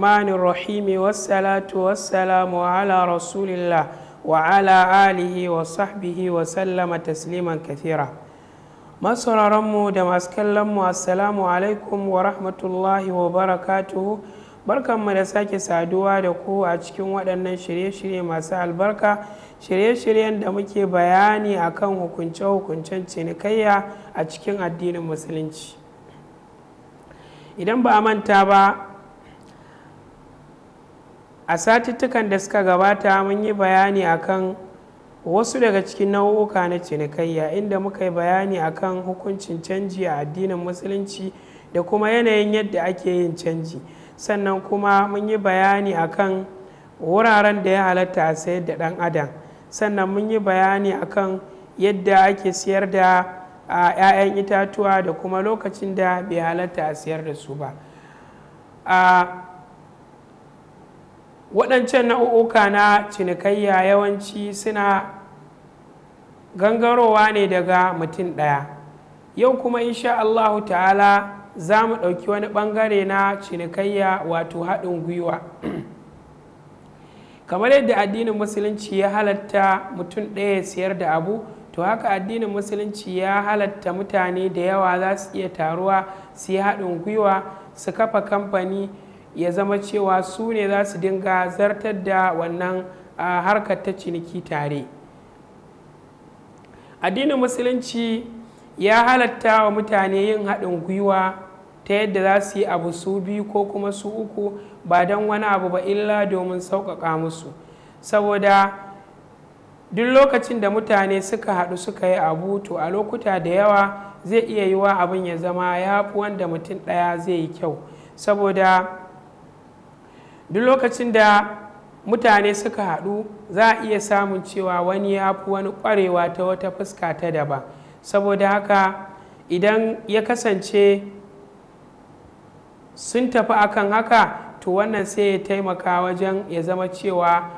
الرحمن الرحيم والصلاة والسلام على رسول الله وعلى آله da masu kallonmu assalamu alaikum wa rahmatullahi wa barakatuhu barkanmu da sake saduwa da ku a cikin waɗannan shirye-shirye masu albarka shirye-shiryen da muke bayani akan hukunce-hukuncen cinikayya a cikin addinin musulunci idan ba a manta ba a satuttukan da suka gabata mun yi bayani kan wasu daga cikin nau'uka na cinikayya inda muka yi bayani akan hukuncin canji a addinin musulunci da kuma yanayin yadda ake yin canji sannan kuma mun yi bayani akan wuraren da ya halatta a sayar da ɗan adam sannan mun yi bayani akan yadda ake siyar da 'ya'yan itatuwa da kuma lokacin da bai halatta a siyar da su ba waɗancan nau'uka na cinikayya yawanci suna gangarowa ne daga mutum ɗaya yau kuma insha Allahu ta'ala za mu ɗauki wani ɓangare na cinikayya wato haɗin gwiwa kamar yadda addinin musulunci ya halatta mutum ɗaya siyar da abu to haka addinin musulunci ya halatta mutane da yawa za su iya taruwa su yi haɗin gwiwa su kafa kamfani ya zama cewa su ne za su dinga zartar da wannan harkar ta ciniki tare addinin musulunci ya halatta wa mutane yin haɗin gwiwa ta yadda za su yi abu su biyu ko kuma su uku ba don wani abu ba illa domin sauƙaƙa musu saboda duk lokacin da mutane suka haɗu suka yi abu to a lokuta da yawa zai iya yiwa abin ya zama ya fi wanda mutum ɗaya zai yi kyau saboda duk lokacin da mutane suka haɗu za a iya samun cewa wani ya fi wani ƙwarewa ta wata fuska ta daba saboda haka idan ya kasance sun tafi akan haka to wannan sai ya taimaka wajen ya zama cewa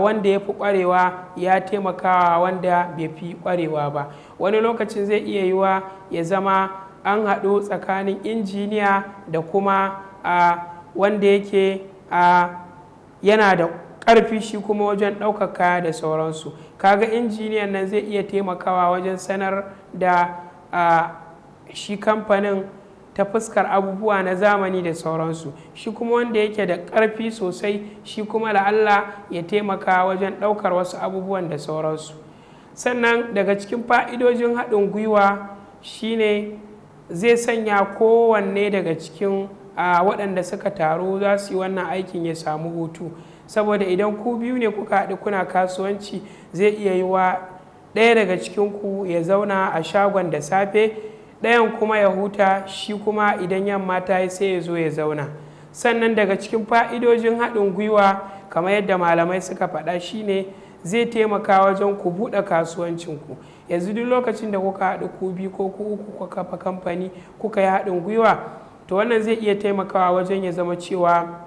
wanda ya fi ƙwarewa ya taimakawa wanda bai fi ƙwarewa ba wani lokacin zai iya yiwa ya zama an haɗu tsakanin injiniya da kuma wanda yake a yana da ƙarfi shi kuma wajen ɗaukar kaya da sauransu kaga injiniyan nan zai iya taimakawa wajen sanar da shi kamfanin ta fuskar abubuwa na zamani da sauransu shi kuma wanda yake da ƙarfi sosai shi kuma la'alla ya taimaka wajen ɗaukar wasu abubuwan da sauransu sannan daga cikin fa'idojin haɗin gwiwa shine zai sanya kowanne daga cikin a waɗanda suka taru za su yi wannan aikin ya samu hutu saboda idan ku biyu ne kuka haɗu kuna kasuwanci zai iya yi wa ɗaya daga cikinku ya zauna a shagon da safe ɗayan kuma ya huta shi kuma idan yamma ta yi sai ya zo ya zauna sannan daga cikin fa'idojin haɗin gwiwa kamar yadda malamai suka faɗa shi ne zai taimaka wajen ku buɗe kasuwancinku yanzu duk lokacin da kuka haɗu ku biyu ko ku uku kuka kafa kamfani kuka yi haɗin gwiwa to wannan zai iya taimakawa wajen ya zama cewa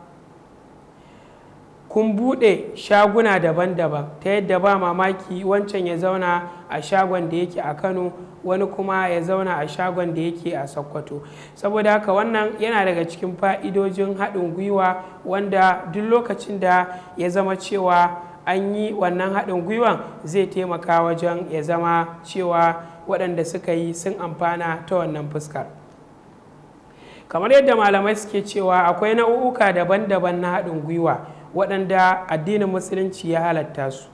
kun buɗe shaguna daban-daban ta yadda ba mamaki wancan ya zauna a shagon da yake a kano wani kuma ya zauna a shagon da yake a sokoto saboda haka wannan yana daga cikin fa'idojin haɗin gwiwa wanda duk lokacin da ya zama cewa an yi wannan haɗin gwiwan zai taimaka wajen ya zama cewa waɗanda suka yi sun amfana ta wannan fuskar. kamar yadda malamai suke cewa akwai nau'uka daban-daban na haɗin gwiwa waɗanda addinin musulunci ya halatta su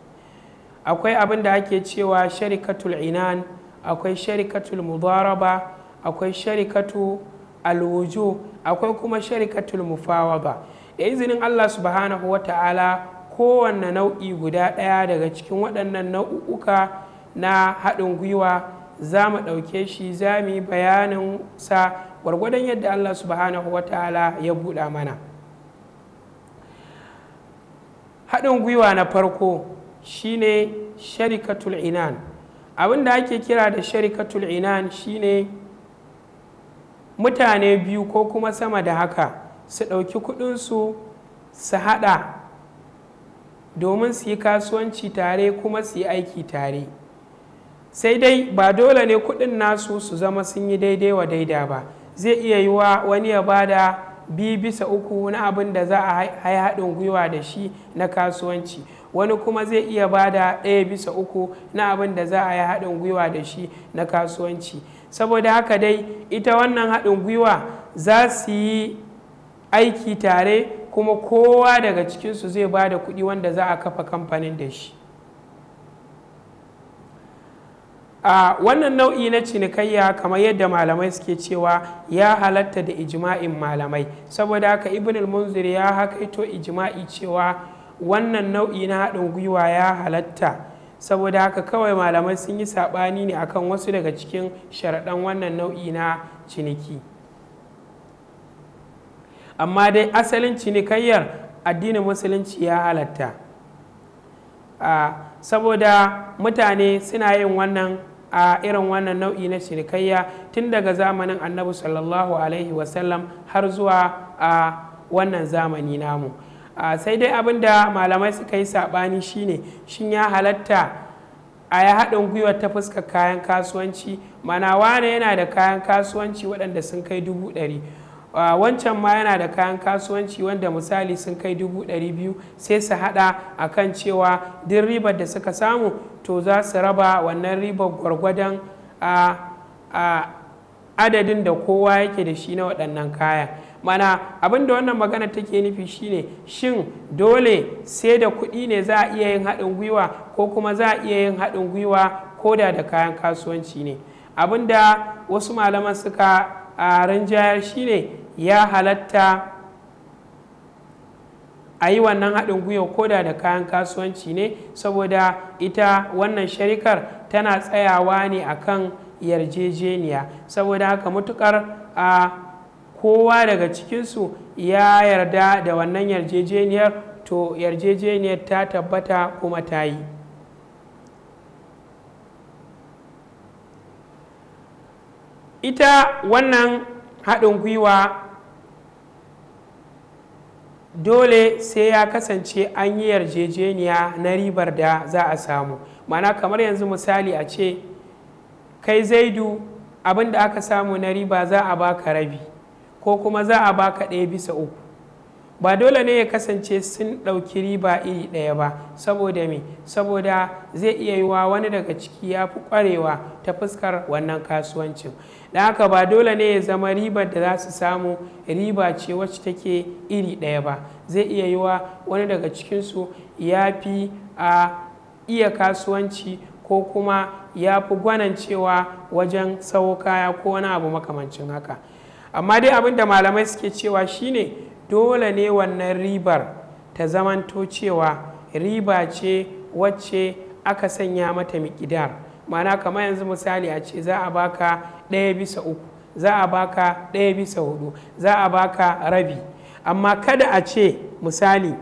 akwai abin da ake cewa sharikatul inan akwai sharikatul mudaraba akwai sharikatu alwuju akwai kuma sharikatul mufawaba da izinin allah subhanahu wa ta'ala kowanne nau'i guda ɗaya daga cikin waɗannan nau'uka na haɗin gwiwa za mu ɗauke shi za mu yi bayanin sa gwargwadon yadda allah subhanahu wa ta'ala ya buɗa mana haɗin gwiwa na farko shine sharikatul inan abin da ake kira da sharikatul inan shine mutane biyu ko kuma sama da haka su ɗauki kuɗinsu su haɗa domin su yi kasuwanci tare kuma su yi aiki tare sai dai ba dole ne kuɗin nasu su zama sun yi daidai wa daida ba zai iya yi wa wani ya bada bi bisa uku na abin da za a haɗin gwiwa da shi na kasuwanci wani kuma zai iya bada ɗaya bisa uku na abin da za a yi haɗin gwiwa da shi na kasuwanci saboda haka dai ita wannan haɗin gwiwa za su yi aiki tare kuma kowa daga cikinsu zai ba da kuɗi wanda za a kafa kamfanin da shi a wannan nau'i na cinikayya kamar yadda malamai suke cewa ya halatta da ijma'in malamai saboda haka ibn munzir ya hakaito ijma'i cewa wannan nau'i na haɗin gwiwa ya halatta saboda haka kawai malamai sun yi saɓani ne akan wasu daga cikin sharaɗan wannan nau'i na ciniki amma dai asalin cinikayyar addinin musulunci ya halatta saboda mutane suna yin wannan a irin wannan nau'i na cinikayya tun daga zamanin annabi sallallahu alaihi wasallam har zuwa a wannan zamani namu sai dai abin da malamai suka yi saɓani shine shin ya halatta a ya haɗin gwiwa ta fuskar kayan kasuwanci mana wane yana da kayan kasuwanci waɗanda sun kai dubu ɗari wancan ma yana da kayan kasuwanci wanda misali sun kai dubu ɗari biyu sai su haɗa a kan cewa duk ribar da suka samu to za su raba wannan ribar gwargwadon a adadin da kowa yake da shi na waɗannan kaya mana abin da wannan magana take nufi shine shin dole sai da kuɗi ne za a iya yin haɗin gwiwa ko kuma za a iya yin haɗin gwiwa ko da da kayan kasuwanci ne abin da wasu malaman suka a rinjayar ne ya halatta a yi wannan haɗin gwiwa koda da kayan kasuwanci ne saboda ita wannan sharikar tana tsayawa ne akan yarjejeniya saboda haka mutukar a kowa daga cikinsu ya yarda da wannan yarjejeniyar to yarjejeniyar ta tabbata kuma ta yi ita wannan haɗin gwiwa dole sai ya kasance an yi yarjejeniya na ribar da za a samu mana kamar yanzu misali a ce kai zaidu abinda aka samu na riba za a baka rabi ko kuma za a baka ɗaya bisa uku ba dole ne ya kasance sun ɗauki riba iri ɗaya ba saboda me saboda zai iya yi wa wani daga ciki ya fi ƙwarewa ta fuskar wannan kasuwancin da haka ba dole ne ya zama ribar da za su samu riba ce wacce take iri ɗaya ba zai iya yi wa wani daga cikinsu ya fi a iya kasuwanci ko kuma ya fi gwanancewa wajen sawo kaya ko wani abu makamancin haka amma dai abin da malamai suke cewa shine dole ne wannan ribar ta zamanto cewa riba ce wacce aka sanya mata miƙidar mana kamar yanzu misali a ce za a baka ɗaya bisa uku za a baka ɗaya bisa hudu za a baka rabi amma kada a ce misali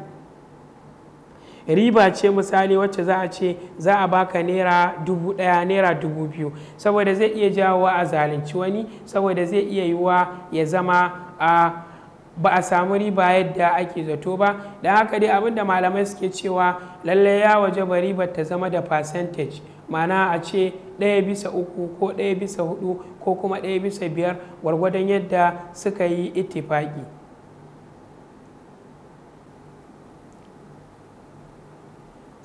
riba ce misali wacce za a ce za a baka naira dubu daya naira dubu biyu saboda zai iya jawowa a zalunci wani saboda zai iya yiwuwa ya zama a ah, ba a samu riba yadda ake zato ba da haka dai abinda malamai suke cewa lalle ya waje ba riba ta zama da percentage mana a ce ɗaya bisa uku ko ɗaya bisa hudu ko kuma ɗaya bisa biyar gwargwadon yadda suka yi itifaki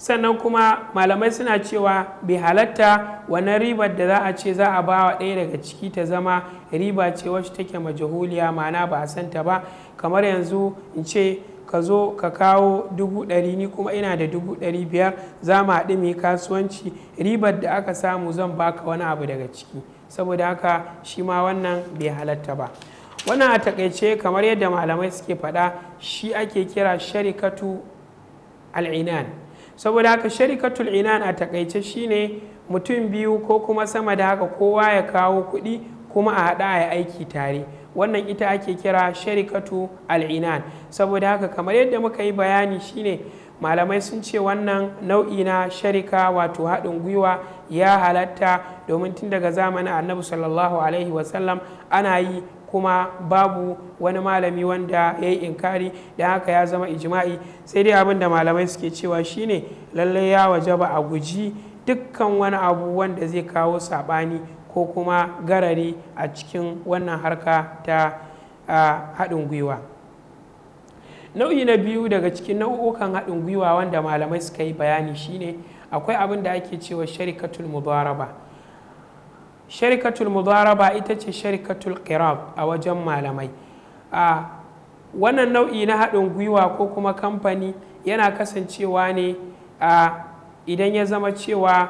sannan kuma malamai suna cewa bai halatta wannan ribar da za a ce za a ba wa ɗaya daga ciki ta zama riba ce wacce take majahuliya mana ba a santa ba kamar yanzu in ce ka zo ka kawo dubu ɗari ni kuma ina da dubu ɗari biyar za mu haɗu mai kasuwanci ribar da aka samu zan baka wani abu daga ciki saboda haka shi ma wannan bai halatta ba wannan a takaice kamar yadda malamai suke faɗa shi ake kira sharikatu al'inan saboda haka sharikatul inan a takaice shine mutum biyu ko kuma sama da haka kowa ya kawo kuɗi kuma a haɗa a aiki tare wannan ita ake kira sharikatu al'inan saboda haka kamar yadda muka yi bayani shine malamai sun ce wannan nau'i na sharika wato haɗin gwiwa ya halatta domin tun daga zamanin annabi sallallahu alaihi wasallam ana yi kuma babu wani malami wanda ya yi inkari da haka ya zama ijima'i sai dai abin da malamai suke cewa shine lallai ya waje ba a guji dukkan wani abu wanda zai kawo saɓani ko kuma garari a cikin wannan harka ta haɗin gwiwa nau'i na biyu daga cikin nau'ukan haɗin gwiwa wanda malamai suka yi bayani shine akwai abin da ake cewa sharikatul mubaraba sharikatul mudaraba ita ce sharikatul qirab a wajen malamai a wannan nau'i na haɗin gwiwa ko kuma kamfani yana kasancewa ne a idan ya zama cewa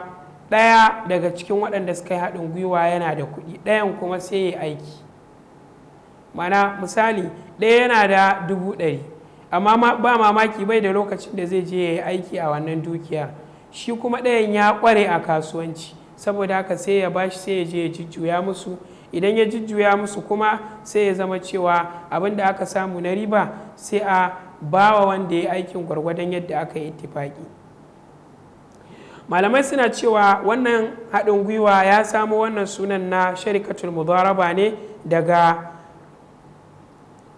ɗaya daga cikin waɗanda suka yi haɗin gwiwa yana da kuɗi ɗayan kuma sai ya aiki mana misali ɗaya yana da dubu ɗari amma ba mamaki bai da lokacin da zai je ya yi aiki a wannan dukiyar shi kuma ɗayan ya ƙware a kasuwanci saboda haka sai ya bashi sai ya je ya jujjuya musu idan ya jujjuya musu kuma sai ya zama cewa abin da aka samu na riba sai a bawa wanda ya aikin gwargwadon yadda aka yi ittifaki malamai suna cewa wannan haɗin gwiwa ya samo wannan sunan na sharikatul mudaraba ne daga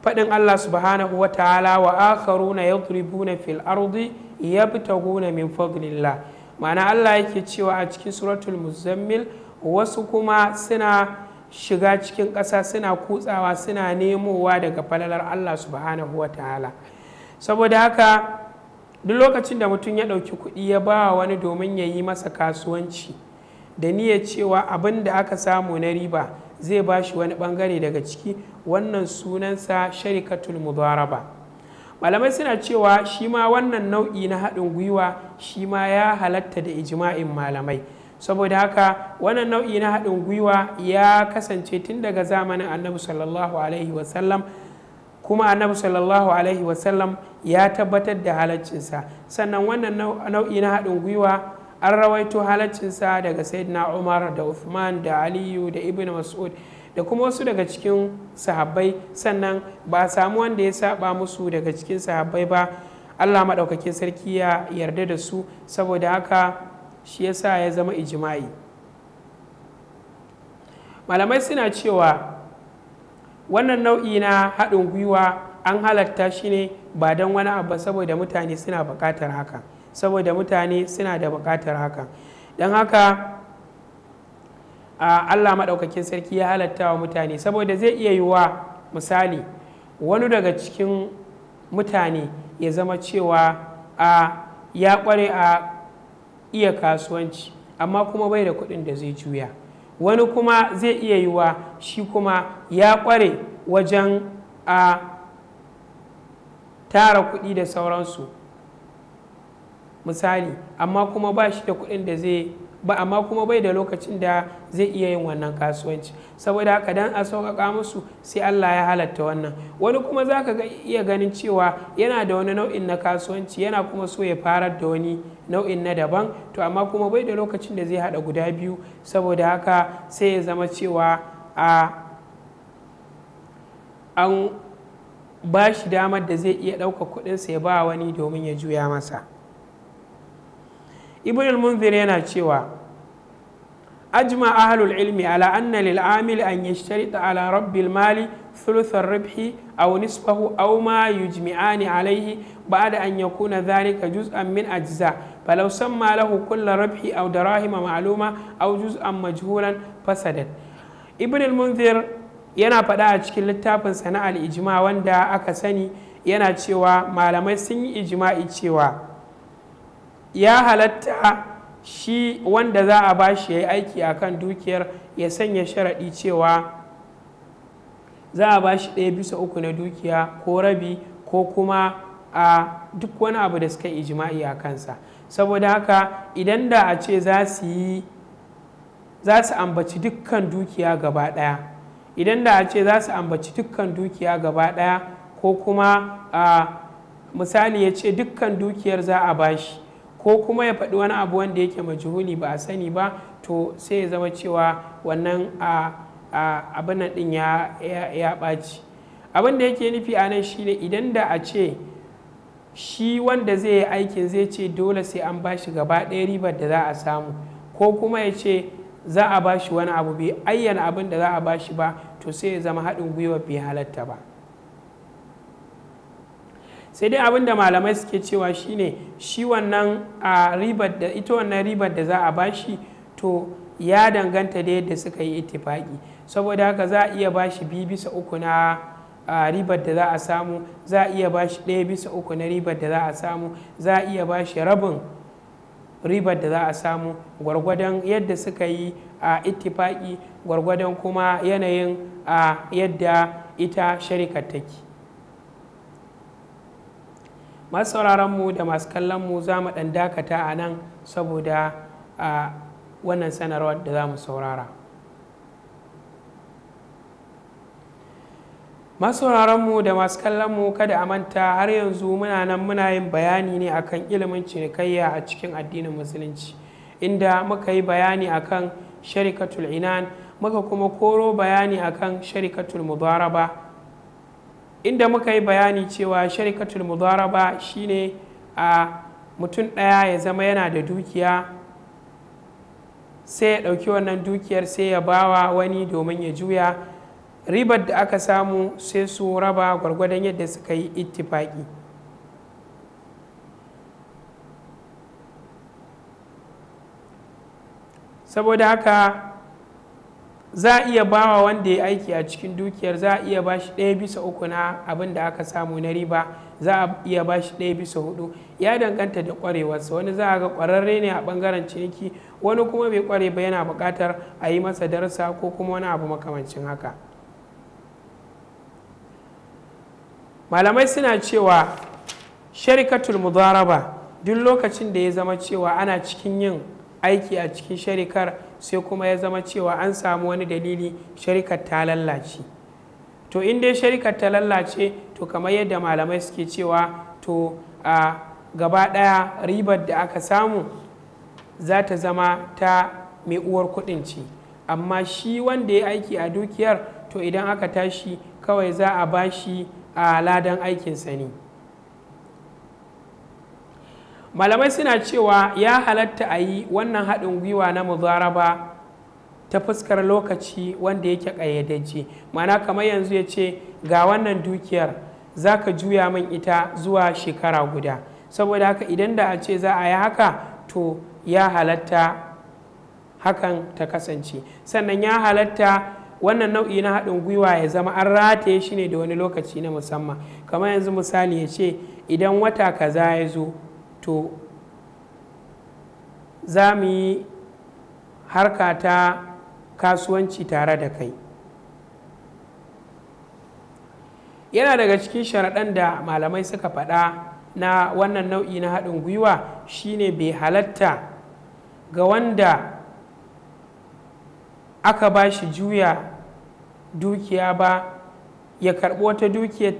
faɗin Allah subhanahu wa ta'ala wa akharuna yadribuna fil ardi yabtaguna min fadlillah ma'ana allah yake cewa a cikin suratul muzammil wasu kuma suna shiga cikin ƙasa suna kutsawa suna nemowa daga falalar allah subhanahu wa ta'ala saboda haka duk lokacin da mutum ya ɗauki kuɗi ya ba wani domin ya yi masa kasuwanci da niyyar cewa abin da aka samu na riba zai ba shi wani ɓangare daga ciki wannan sunansa sharikatul mudaraba malamai suna cewa shi ma wannan nau'i na haɗin gwiwa shi ma ya halatta da ijma'in malamai saboda haka wannan nau'i na haɗin gwiwa ya kasance tun daga zamanin annabi sallallahu alaihi wasallam kuma annabi sallallahu alaihi wasallam ya tabbatar da halaccinsa sannan wannan nau'i na haɗin gwiwa an rawaito halaccinsa daga sayyidina umar da uthman da aliyu da ibn mas'ud da kuma wasu daga cikin sahabbai sannan ba a samu wanda ya saba musu daga cikin sahabbai ba allah maɗaukakin sarki ya yarda da su saboda haka shi ya sa ya zama ijima'i malamai suna cewa wannan nau'i na haɗin gwiwa an halatta shi ne ba don wani abu saboda mutane suna buƙatar haka saboda mutane suna da buƙatar haka don haka Allah maɗaukakin sarki ya halatta wa mutane saboda zai iya yiwa misali wani daga cikin mutane ya zama cewa a ya ƙware a iya kasuwanci amma kuma bai da kuɗin da zai juya wani kuma zai iya yiwa shi kuma ya ƙware wajen a tara kuɗi da sauransu misali amma kuma ba shi da kuɗin da zai ba amma kuma bai da lokacin da zai iya yin wannan kasuwanci saboda haka dan a sauƙaƙa musu sai Allah ya halatta wannan wani kuma za ka iya ganin cewa yana da wani nau'in na kasuwanci yana kuma so ya fara da wani nau'in na daban to amma kuma bai da lokacin da zai haɗa guda biyu saboda haka sai ya zama cewa a an ba shi damar da zai iya ɗauka kuɗinsa ya ba wani domin ya juya masa ibn al-munzir yana cewa ajma ahlul ilmi ala anna lil amil an yashtarita ala rabbil mali thuluth ar-ribhi aw nisfahu aw ma yujmi'ani alayhi ba'da an yakuna dhalika juz'an min ajza falau samma lahu kull rabhi aw darahima ma'luma aw juz'an majhulan fasadat ibn al-munzir yana faɗa a cikin littafin sana'ar ijima wanda aka sani yana cewa malamai sun yi ijima'i cewa ya halatta shi wanda za a ba shi ya yi aiki a kan dukiyar ya sanya sharaɗi cewa za a ba shi ɗaya bisa uku na dukiya ko rabi ko kuma a duk wani abu da suka ijima'i a kansa saboda haka idan da a ce za su yi za su ambaci dukkan dukiya gaba ɗaya idan da a ce za su ambaci dukkan dukiya gaba ɗaya ko kuma a misali ya ce dukkan dukiyar za a bashi ko kuma ya faɗi wani abu wanda yake majhuli ba a sani ba to sai ya zama cewa wannan abin nan ya ɓaci abin da yake nufi a nan ne idan da a ce shi wanda zai yi aikin zai ce dole sai an ba shi gaba ɗaya ribar da za a samu ko kuma ya ce za a ba shi wani abu bai ayyana abin da za a ba shi ba to sai ya zama haɗin gwiwa bai halatta ba sai dai abin da malamai suke cewa shine shi wannan a ribar da ita wannan ribar da za a bashi to ya danganta da yadda suka yi itifaki saboda haka za a iya bashi biyu bisa uku na ribar da za a samu za a iya bashi ɗaya bisa uku na ribar da za a samu za a iya bashi rabin ribar da za a samu gwargwadon yadda suka yi a itifaki gwargwadon kuma yanayin a yadda ita sharikar take masu da masu kallonmu za mu ɗan dakata a nan saboda a wannan sanarwar da za mu saurara masu mu da masu kallonmu kada a manta har yanzu muna nan muna yin bayani ne akan ilimin cinikayya a cikin addinin musulunci inda muka yi bayani akan sharikatul inan muka kuma koro bayani akan sharikatul Mubaraba. inda muka yi bayani cewa sharikatul mudaraba shine a mutum ɗaya ya zama yana da dukiya sai ya ɗauki wannan dukiyar sai ya bawa wani domin ya juya ribar da aka samu sai su raba gwargwadon yadda suka yi ittifaki saboda haka za a iya ba wa wanda ya aiki a cikin dukiyar za a iya ba shi ɗaya bisa uku na abin da aka samu na riba za a iya ba shi ɗaya bisa hudu ya danganta da ƙwarewarsa wani za a ga ƙwararre ne a ɓangaren ciniki wani kuma bai ƙware ba yana buƙatar a yi masa darasa ko kuma wani abu makamancin haka malamai suna cewa sharikatul mudaraba duk lokacin da ya zama cewa ana cikin yin aiki a cikin sharikar sai kuma ya zama cewa an samu wani dalili sharikar ta lallace to in dai sharikar ta lallace to kamar yadda malamai suke cewa to a gaba ɗaya ribar da aka samu za ta zama ta mai uwar kuɗin ce amma shi wanda ya aiki a dukiyar to idan aka tashi kawai za a bashi a ladan aikinsa ne malamai suna cewa ya halatta a yi wannan haɗin gwiwa na muzaraba ta fuskar lokaci wanda yake ƙayyadajje mana kamar yanzu ya ce ga wannan dukiyar za ka juya min ita zuwa shekara guda saboda haka idan da a ce za a yi haka to ya halatta hakan ta kasance sannan ya halatta wannan nau'i na haɗin gwiwa ya zama an rataye shi ne da wani lokaci na musamman kamar yanzu misali ya ce idan wata kaza ya zo to za mu yi harka ta kasuwanci tare da kai yana daga cikin sharaɗan da malamai suka faɗa na wannan nau'i na haɗin gwiwa shine bai halatta ga wanda aka ba shi juya dukiya ba ya karɓi wata dukiya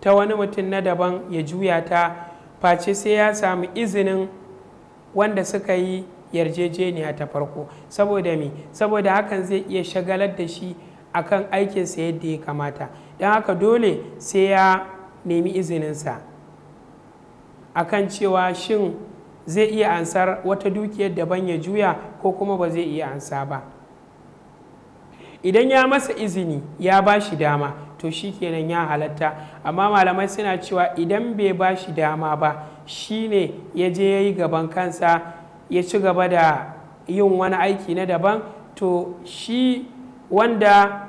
ta wani mutum na daban ya juya ta face sai ya samu izinin wanda suka yi yarjejeniya ta farko saboda me saboda hakan zai iya shagalar da shi akan aikinsa yadda ya kamata don haka dole sai ya nemi izininsa akan cewa shin zai iya ansar wata dukiyar daban ya juya ko kuma ba zai iya ansa ba idan ya masa izini ya ba shi dama to shi kenan ya halatta amma malamai suna cewa idan bai ba shi dama ba shi ne ya je ya yi gaban kansa ya ci gaba da yin wani aiki na daban to shi wanda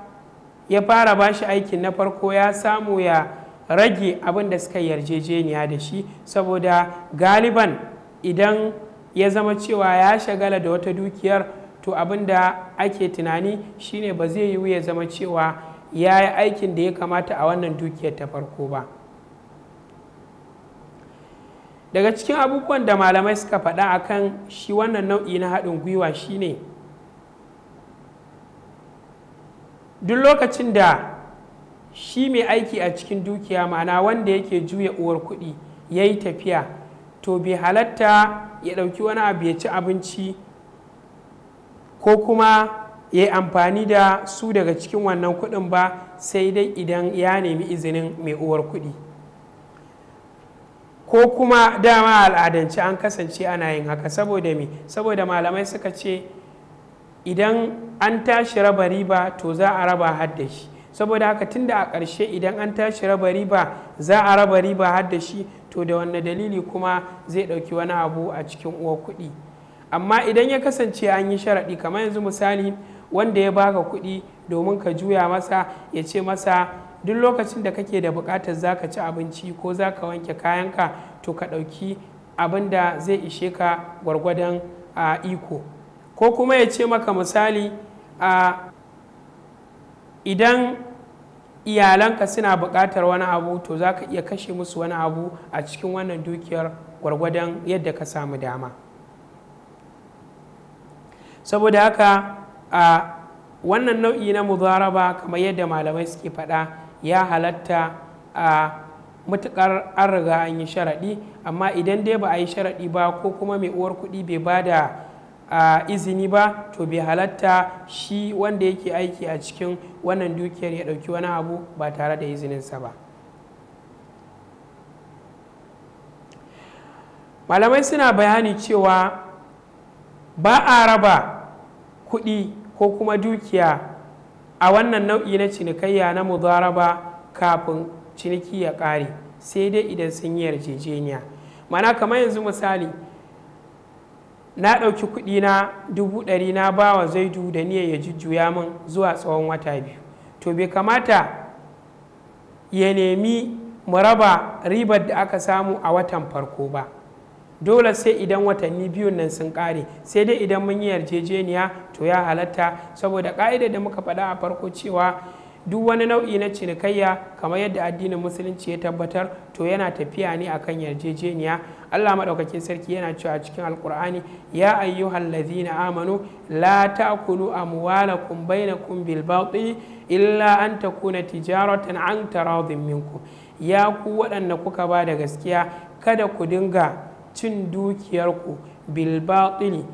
ya fara ba shi aikin na farko ya samu ya rage abin da suka yarjejeniya da shi saboda galiban idan ya zama cewa ya shagala da wata dukiyar to abin da ake tunani shine ba zai yiwu ya zama cewa ya yi aikin da ya kamata a wannan dukiyar ta farko ba daga cikin abubuwan da malamai suka faɗa a kan shi wannan nau'i na haɗin gwiwa shine duk lokacin da shi mai aiki a cikin dukiya ma'ana wanda yake juya uwar kuɗi ya yi tafiya to bai halatta ya ɗauki wani abu ya ci abinci ko kuma ya yi amfani da su daga cikin wannan kuɗin ba sai dai idan ya nemi izinin mai uwar kuɗi ko kuma dama al'adance an kasance ana yin haka saboda me saboda malamai suka ce idan an tashi raba riba to za a raba haddashi saboda haka tunda a ƙarshe idan an tashi raba riba za a raba riba haddashi shi to da wanne dalili kuma zai ɗauki wani abu a cikin uwar kuɗi amma idan ya kasance an yi sharaɗi kamar yanzu misali wanda ya baka kuɗi domin ka juya masa ya ce masa duk lokacin da kake da buƙatar za ka ci abinci ko za ka wanke kayanka to ka ɗauki abin da zai ishe ka gwargwadon a iko ko kuma ya ce maka misali a idan iyalanka suna buƙatar wani abu to za ka iya kashe musu wani abu a cikin wannan dukiyar gwargwadon yadda ka samu dama saboda haka a wannan nau'i na muzaraba kamar yadda malamai suke faɗa ya halatta a matuƙar an riga an yi sharaɗi amma idan dai ba a yi sharaɗi ba ko kuma mai uwar kuɗi bai ba da izini ba to bai halatta shi wanda yake aiki a cikin wannan dukiyar ya ɗauki wani abu ba tare da izininsa ba malamai suna bayani cewa ba a raba kuɗi ko kuma dukiya a wannan nau'i na cinikayya na mudaraba kafin ciniki ya ƙare sai dai idan sun yi yarjejeniya mana kamar yanzu misali na ɗauki kuɗi na dubu ɗari na bawa wa zaidu da niyyar ya jujjuya min zuwa tsawon wata biyu to bai kamata ya nemi mu raba ribar da aka samu a watan farko ba dole sai idan watanni biyun nan sun kare sai dai idan mun yi yarjejeniya to ya halatta saboda ka'ida da muka faɗa a farko cewa duk wani nau'i na cinikayya kamar yadda addinin musulunci ya tabbatar to yana tafiya ne akan yarjejeniya allah maɗaukakin sarki yana cewa cikin alkur'ani ya ayyuhal ladzina amanu la ta'kulu amwalakum bainakum bil batil illa an takuna tijaratan an taradin minkum ya ku waɗanda kuka ba da gaskiya kada ku dinga cin dukiyarku bilbaɗini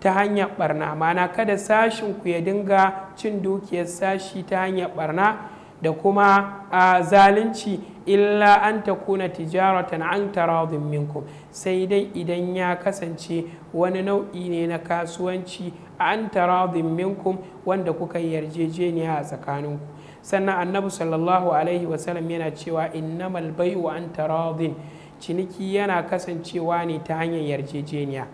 ta hanyar barna mana kada sashinku ya dinga cin dukiyar sashi ta hanyar barna da kuma a zalunci illa an ta kuna tijaratan an taradin minkum sai dai idan ya kasance wani nau'i ne na kasuwanci an taradin minkum wanda kuka yarjejeniya a tsakaninku sannan annabi sallallahu alaihi wasallam yana cewa innamal bai'u an taradin ciniki yana kasancewa ne ta hanyar yarjejeniya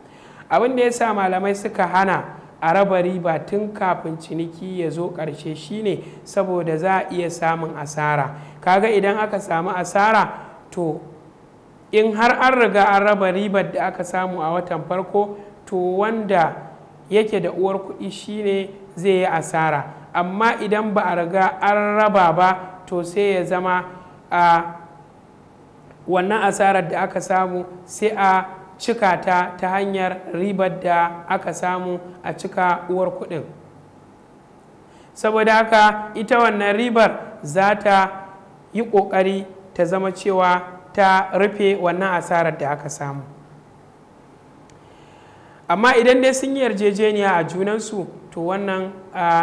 abin da ya sa malamai suka hana a raba riba tun kafin ciniki ya zo ƙarshe shine saboda za a iya samun asara kaga idan aka samu asara to in har an riga an raba ribar da aka samu a watan farko to wanda yake da uwar kuɗi shine zai yi asara amma idan ba a riga an raba ba to sai ya zama a ah, wannan asarar da aka samu sai a cika ta ta hanyar ribar da aka samu a cika uwar kuɗin saboda haka ita wannan ribar za ta yi ƙoƙari ta zama cewa ta rufe wannan asarar da aka samu amma idan dai sun yi yarjejeniya a junansu to wannan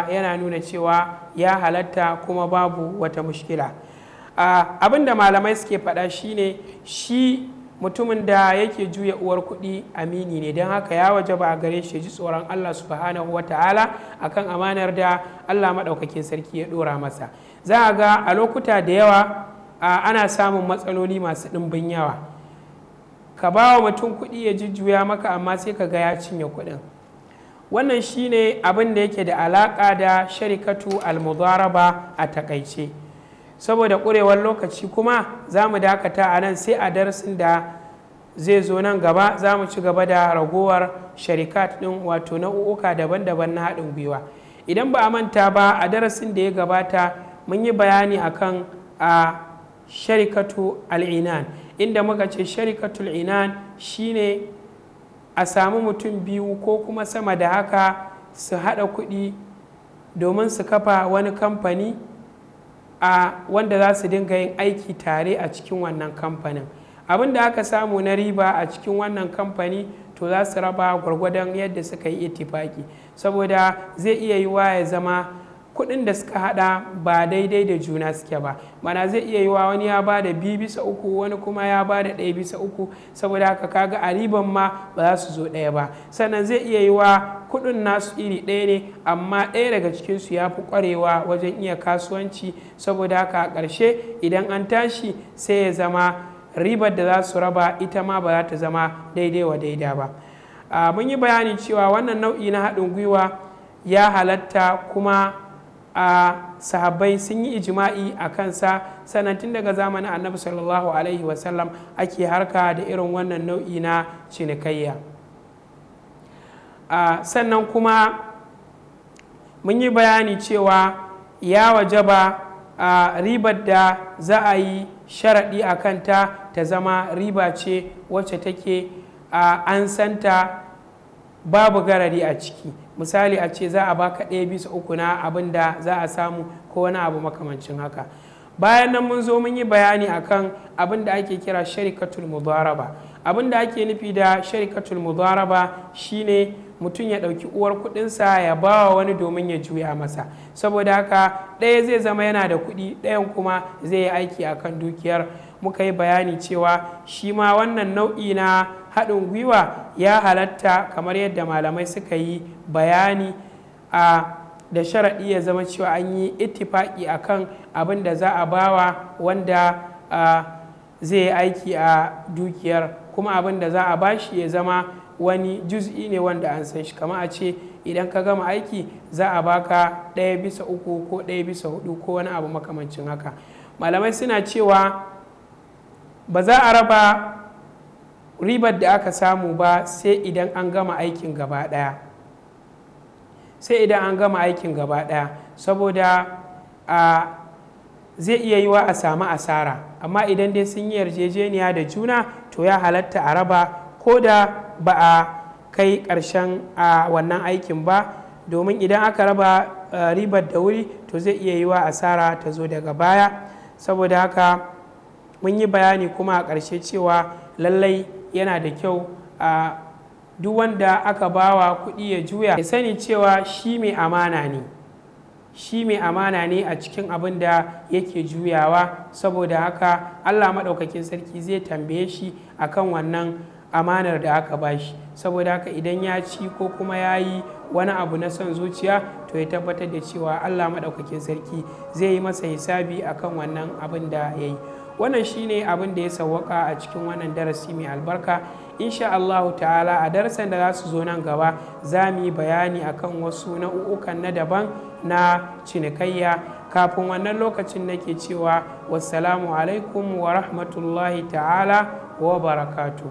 yana nuna cewa ya halatta kuma babu wata mushkila. abin da malamai suke faɗa shine shi mutumin da yake juya uwar kuɗi amini ne don haka ya waje ba a gare shi ji tsoron Allah subhanahu ta'ala akan amanar da Allah maɗaukakin sarki ya ɗora masa za a ga a lokuta da yawa ana samun matsaloli masu ɗimbin yawa ka ba wa mutum kuɗi ya ji juya maka amma sai ka ga ya cinye kuɗin wannan shine abin da yake da alaƙa da sharikatu almudaraba a takaice saboda ƙurewar lokaci kuma za mu dakata a nan sai a darasin da zai zo nan gaba za mu ci gaba da ragowar sharikat ɗin wato nau'uka daban-daban na haɗin gwiwa idan ba a manta ba a darasin da ya gabata mun yi bayani akan a sharikatu al'inan inda muka ce sharikatul shi shine a samu mutum biyu ko kuma sama da haka su haɗa kuɗi domin su kafa wani kamfani a wanda za su dinga yin aiki tare a cikin wannan kamfanin abin da aka samu na riba a cikin wannan kamfani to za su raba gwargwadon yadda suka yi itifaki saboda zai iya yiwa ya zama kuɗin da suka haɗa ba daidai da juna suke ba mana zai iya yiwa wani ya ba da biyu bisa uku wani kuma ya ba da ɗaya bisa uku saboda haka kaga a riban ma ba za su zo ɗaya ba sannan zai iya yiwa kuɗin nasu iri ɗaya ne amma ɗaya daga cikin su ya fi ƙwarewa wajen iya kasuwanci saboda haka a ƙarshe idan an tashi sai ya zama ribar da za su raba ita ma ba za ta zama daidai wa daida ba mun yi bayani cewa wannan nau'i na haɗin gwiwa ya halatta kuma a sahabbai sun yi ijima'i a kansa sannan daga zamanin annabi sallallahu alaihi wasallam ake harka da irin wannan nau'i na cinikayya a sannan kuma mun yi bayani cewa ya wajaba ribar da za a yi sharaɗi a kanta ta zama riba ce wacce take an santa babu garari a ciki misali a ce za a baka ɗaya bisa uku na abin da za a samu ko wani abu makamancin haka bayan nan mun zo mun yi bayani akan abin da ake kira sharikatul mudaraba abin da ake nufi da sharikatul mudaraba shine mutum ya ɗauki uwar kuɗinsa ya ba wa wani domin ya juya masa saboda haka ɗaya zai zama yana da kuɗi ɗayan kuma zai yi aiki akan dukiyar muka yi bayani cewa shi ma wannan nau'i na haɗin gwiwa ya halatta kamar yadda malamai suka yi bayani a da sharaɗi ya zama cewa an yi ittifaƙi kan abin da za a bawa wanda zai aiki a dukiyar kuma abin da za a bashi ya zama wani juz'i ne wanda an san shi kama a ce idan ka gama aiki za a baka ɗaya bisa uku ko ɗaya bisa hudu ko wani abu makamancin haka malamai suna cewa ba za a raba ribar da aka samu ba sai idan an gama aikin gaba ɗaya sai idan an gama aikin gaba ɗaya saboda a zai iya yiwa a samu asara amma idan dai sun yi yarjejeniya da juna to ya halatta a raba ko da ba a kai ƙarshen a wannan aikin ba domin idan aka raba ribar da wuri to zai iya yiwa asara ta zo daga baya saboda haka mun yi bayani kuma a ƙarshe cewa lallai yana da kyau a duk wanda aka bawa kuɗi ya juya ya sani cewa shi mai amana ne shi mai amana ne a cikin abin da yake juyawa saboda haka allah maɗaukakin sarki zai tambaye shi akan wannan amanar da aka bashi saboda haka idan ya ci ko kuma ya yi wani abu na son zuciya to ya tabbatar da cewa allah maɗaukakin sarki zai yi masa hisabi akan wannan abin da ya yi wannan shine abin da ya sawwaka a cikin wannan darasi mai albarka insha Allahu ta'ala a darasan da za su zo nan gaba za mu yi bayani akan wasu nau'ukan na daban na cinikayya kafin wannan lokacin nake cewa wassalamu alaikum wa rahmatullahi ta'ala wa barakatu